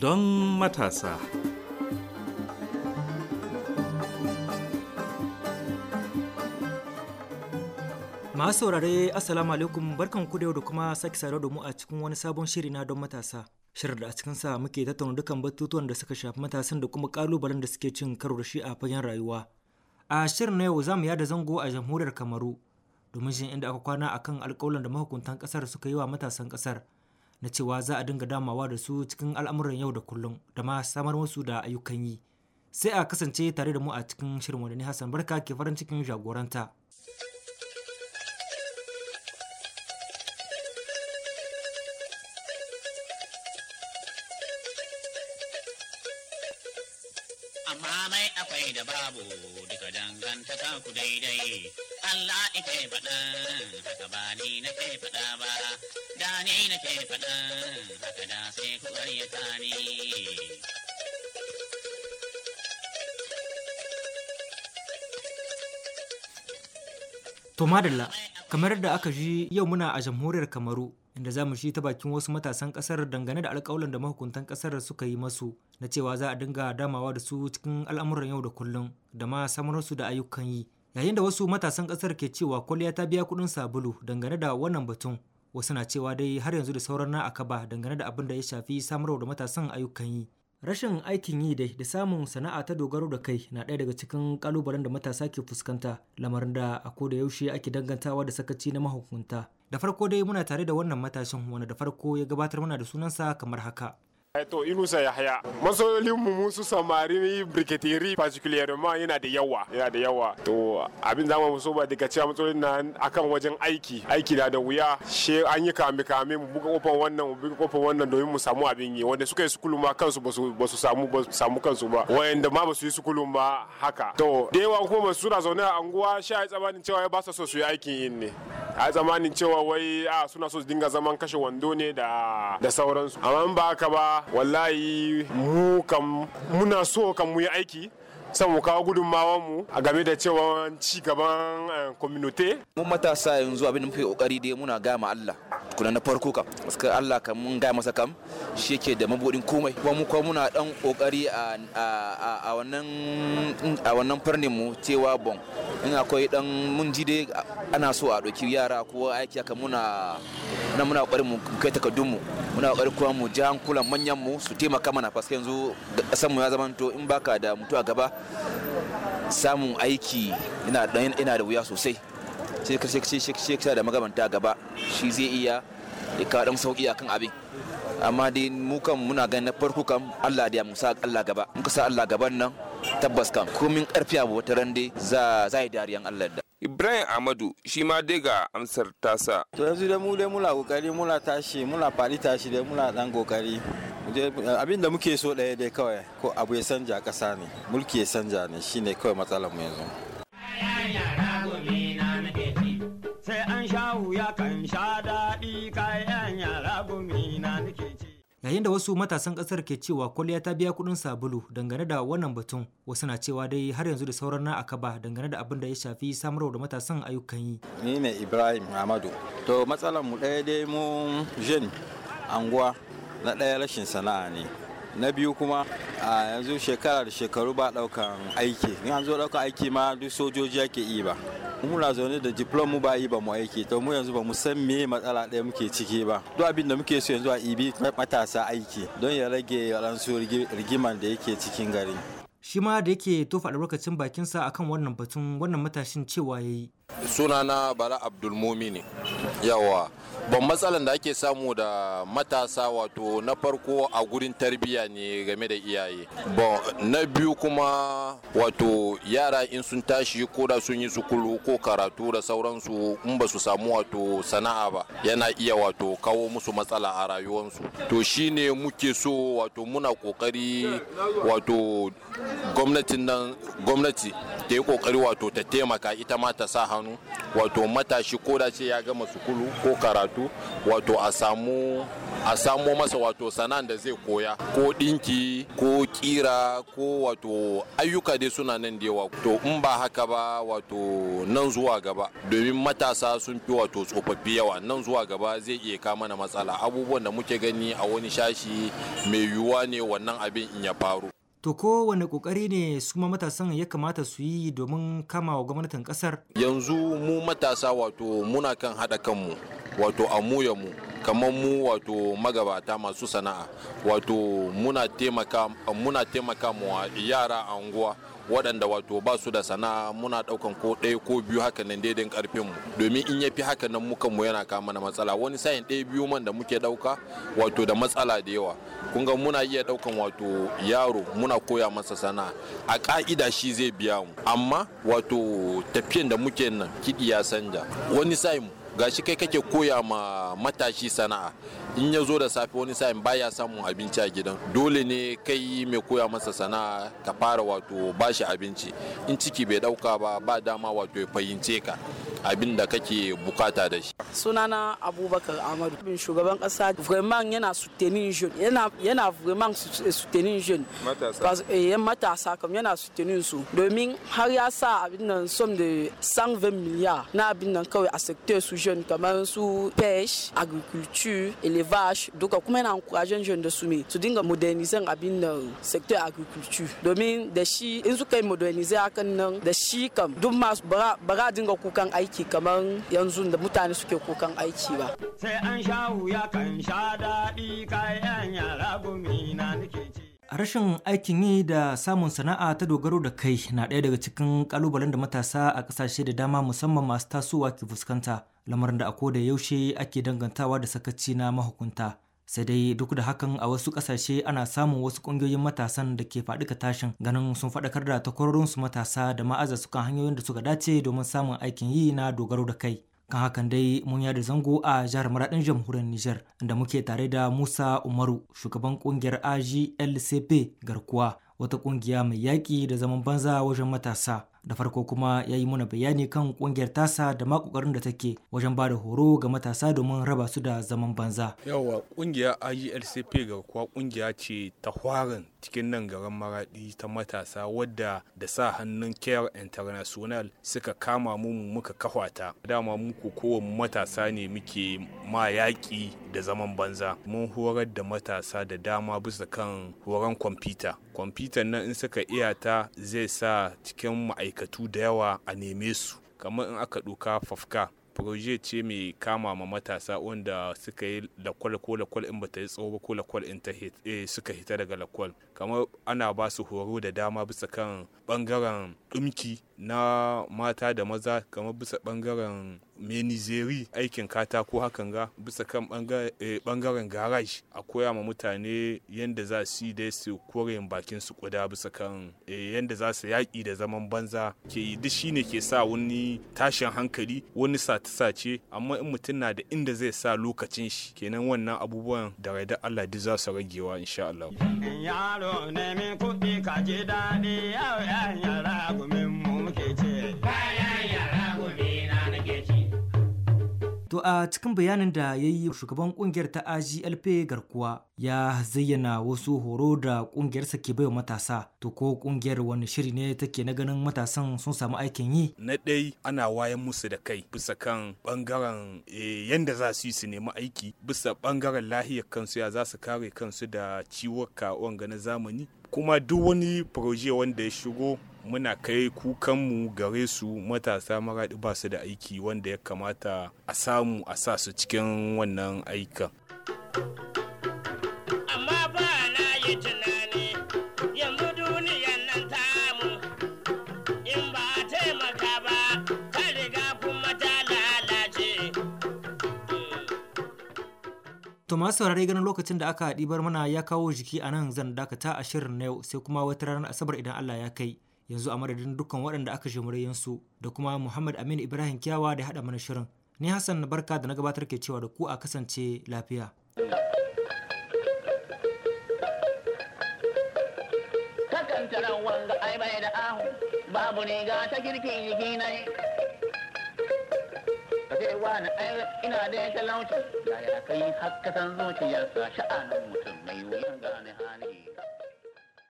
don matasa. Masu saurare Assalamu alaikum barkan ku da yau da kuma sake saurare da mu a cikin wani sabon shiri na don matasa. Shirin da a cikin sa muke tattauna dukkan batutuwan da suka shafi matasan da kuma kalubalen da suke cin karo da shi a fagen rayuwa. A shirin na yau za mu yada zango a jamhuriyar Kamaru domin shi inda aka kwana akan alƙawalan da mahukuntan ƙasar suka yi wa matasan ƙasar. na cewa za a dinga damawa da su cikin al'amuran yau da kullum da ma samar musu da ayyukan yi sai a kasance tare da mu a cikin shirin wadani hassan barka ke farin cikin jagoranta amma mai akwai da babu daga dangantaka ku daidai Allah ike faɗa haka To madalla kamar da aka ji yau muna a jamhuriyar Kamaru inda za mu shi ta bakin wasu matasan kasar dangane da alƙawalan da mahukuntan kasar suka yi masu na cewa za a dinga damawa da su cikin al'amuran yau da kullum da ma samarsu da ayyukan yi yayin da wasu matasan ƙasar ke cewa kwalliya ta biya kuɗin sabulu dangane da wannan batun wasu na cewa dai har yanzu da sauran na akaba dangane da abin da ya shafi samarwa da matasan ayyukan yi rashin aikin yi dai da samun sana'a ta dogaro da kai na ɗaya daga cikin kalubalen da matasa ke fuskanta lamarin da a ko da yaushe ake dangantawa da sakaci na mahukunta da farko dai muna tare da wannan matashin wanda da farko ya gabatar mana da sunansa kamar haka Eh, to inusa yahaya masololin mu musu samari briketiri particularly yana da yawa yana da yawa to abin da mu so ba daga cewa matsalolin nan akan wajen aiki aiki na da wuya she an yi kame kame mu buga kofar wannan mu buga kofar wannan domin mu samu abin yi wanda suka yi sukulu ma kansu ba su samu ba su samu kansu ba wanda ma ba su yi sukulu ma haka to da yawa kuma suna zaune a anguwa sha ya tsabanin cewa ba su so su yi aikin yin ne a zamanin cewa wai a suna so su dinga zaman kashe wando ne da sauransu amma ba haka ba wallahi mu kam muna so kan mu yi aiki san mu kawo gudunmawar mu a game da cewa ci gaban eh, community mu matasa yanzu abin da muke kokari dai muna gama Allah tukuna na farko kam suka Allah kan mun gaya masa kam shi yake da mabudin komai kuma mu kuma muna dan kokari a a wannan a wannan farnin mu cewa bon in akwai dan mun ji dai ana so a ɗauki yara ko aiki aka muna na muna kokarin mu kai takardun mu muna kokarin kuma mu ji hankulan manyan mu su taimaka mana faske yanzu ƙasar mu ya zama to in baka da mutu a gaba samun aiki ina da wuya sosai shekara da magamanta gaba shi zai iya ya kawo dan sauki akan abin amma dai mu kan muna ganin na farko kan Allah da ya Musa Allah gaba mun ka sa Allah gaban nan tabbas kan komin karfi abu wata ran dai za za yi dariyan Allah da Ibrahim Amadu shi ma dai ga amsar tasa to yanzu da mu dai mula kokari mula tashi mula fari tashi dai mula dan kokari abin da muke so ɗaya dai kawai ko abu ya sanja ƙasa ne mulki ya sanja ne shine kawai matsalar mu yanzu yayin da wasu matasan kasar ke cewa kwalliya ta biya kuɗin sabulu dangane da wannan batun wasu na cewa dai har yanzu da sauran na akaba dangane da abin da ya shafi samarwa da matasan ayyukan yi ni ne ibrahim amadu to matsalar mu ɗaya dai mu jin anguwa na ɗaya rashin sana'a ne na biyu kuma a yanzu shekara da shekaru ba ɗaukan aiki yanzu an zo ɗaukan aiki ma duk sojoji ake yi ba mu na zaune da diplom mu ba yi ba mu aiki to mu yanzu ba mu san me matsala ɗaya muke ciki ba duk abin da muke so yanzu a ibi matasa aiki don ya rage ransu rigiman da yake cikin gari shi ma da yake tofa lokacin bakinsa akan wannan batun wannan matashin cewa ya yi sunana bala abdulmumini yawa ban matsalan da ake samu da matasa wato na farko a gurin tarbiyya ne game da iyaye na biyu kuma wato yara in sun tashi ko da sun yi sukulu ko karatu da sauransu in ba su samu wato sana'a ba yana iya wato kawo musu matsala a rayuwarsu to shi ne muke so wato muna kokari wato gwamnatin nan gwamnati ta yi kokari wato ta taimaka ita ma ta sa hannu wato matashi ko da ce ya gama sukulu ko karatu wato a samu a samo masa wato sana'an da zai koya ko dinki ko kira ko wato ayyuka dai suna nan da yawa to in ba haka ba wato nan zuwa gaba domin matasa sun fi wato tsofaffi yawa nan zuwa gaba zai iya kama na matsala abubuwan da muke gani a wani shashi mai yiwuwa ne wannan abin in ya faru To kowane kokari ne su ma matasan ya kamata su yi domin kama wa gwamnatin kasar? Yanzu mu matasa wato muna kan haɗa kanmu wato a mu kamar mu wato magabata masu sana'a wato muna taimaka muna taimaka yara a unguwa waɗanda wato ba su da sana'a muna ɗaukan ko ɗaya ko biyu haka nan daidai karfin mu domin in yafi haka nan muka mu yana kama mana matsala wani sayin ɗaya biyu man da muke ɗauka wato da matsala da yawa kun ga muna iya ɗaukan wato yaro muna koya masa sana'a a ka'ida shi zai biya mu amma wato tafiyan da muke nan kiɗi ya sanja wani sayin gashi kai kake koya ma matashi sana'a in ya zo da safe wani sa'in baya samun abinci a gidan dole ne kai mai koya masa sana'a ka fara wato bashi abinci in ciki bai dauka ba ba dama wato ya fahimce ka abin da kake bukata da shi. Sunana Abubakar amadu. bin shugaban kasa Vreman yana sutenin jeune yana yana Vreman sutenin jeune matasa eh matasa kam yana sutenin su domin har ya sa abin nan som da 120 miliyar na abin nan kawai a secteur su jeune kamar su pêche agriculture élevage duka kuma yana encouraging jeune da su ne su dinga modernizing abin nan secteur agriculture domin da shi in su kai modernize hakan nan da shi kam duk masu bara dinga kukan aiki aiki kamar yanzu da mutane suke kukan aiki ba. Sai an sha wuya kan sha daɗi kayan yara gumi na nake ci. Rashin aikin yi da samun sana'a ta dogaro da kai na ɗaya daga cikin ƙalubalen da matasa a ƙasashe da dama musamman masu tasowa ke fuskanta lamarin da a da yaushe ake dangantawa da sakaci na mahukunta. sai dai duk da hakan a wasu kasashe ana samun wasu kungiyoyin matasan da ke faɗika ka tashin ganin sun faɗakar da takwarorin su matasa da ma'aza su kan hanyoyin da suka dace domin samun aikin yi na dogaro da kai kan hakan dai mun yada zango a jihar maradin jamhuriyar niger da muke tare da musa umaru shugaban kungiyar aglcp garkuwa wata kungiya mai yaƙi da zaman banza wajen matasa da farko kuma ya yi mana bayani kan kungiyar tasa da maƙoƙarin da take wajen ba da horo ga matasa domin raba su da zaman banza yawa kungiya IELCP ga kuwa kungiya ce ta hwarin cikin nan garin maradi ta matasa wadda da sa hannun care international suka kama mu muka kahwata dama mu kowane matasa ne muke ma yaƙi da zaman banza mun horar da matasa da dama bisa kan horon kwamfuta kwamfutan nan in suka iyata zai sa cikin ma'aikatu da yawa a neme su kamar in aka ɗoka fafka proje ce mai kama ma matasa wanda suka yi lakwal ko lakwal in bata yi tsawo ba ko lakwal in ta eh, suka hita daga lakwal kamar ana ba su horo da dama bisa kan bangaren dumki na mata da maza kamar bisa bangaren menizeri aikin katako hakan ga bisa kan bangaren eh, garage a koya ma mutane yadda za su yi da su kore bakin su kuda bisa kan eh, yadda za su yaƙi da zaman banza ke yi duk shine ke sa wani tashin hankali wani sata sace amma in mutum na da inda zai sa lokacin shi kenan wannan abubuwan da raida Allah duk za su ragewa insha Allah. Yaro ne kuɗi ka ji daɗi yau 'yan yara gumin mu ke ce. To a cikin bayanin da ya yi shugaban kungiyar ta AGLP garkuwa ya zayyana wasu horo da kungiyarsa ke baiwa matasa to ko kungiyar wani shiri ne take na ganin matasan sun samu aikin yi na ɗai ana wayan musu da kai bisa kan bangaren eh, yanda za su yi su nemi aiki bisa bangaren lahiyar kansu ya za su kare kansu da ciwuka wanga na zamani kuma duk wani proje wanda ya shigo muna kai kukanmu gare su matasa maraɗi ba su da aiki wanda ya kamata a samu a sa su cikin wannan aikan. To masu saurare ganin lokacin da aka ɗibar mana ya kawo jiki a nan zan dakata a shirin na yau sai kuma wata ranar Asabar idan Allah ya kai. Yanzu a madadin dukkan waɗanda aka shi su da kuma Muhammad Aminu Ibrahim Kyawa da haɗa mana shirin. Ni Hassan Barka da na gabatar ke cewa da ku a kasance lafiya. Takantaran babu ne ta kirki jiki na yi. ya kai hakka san zuciyarsa sha'anin mutum mai wuyan gane hali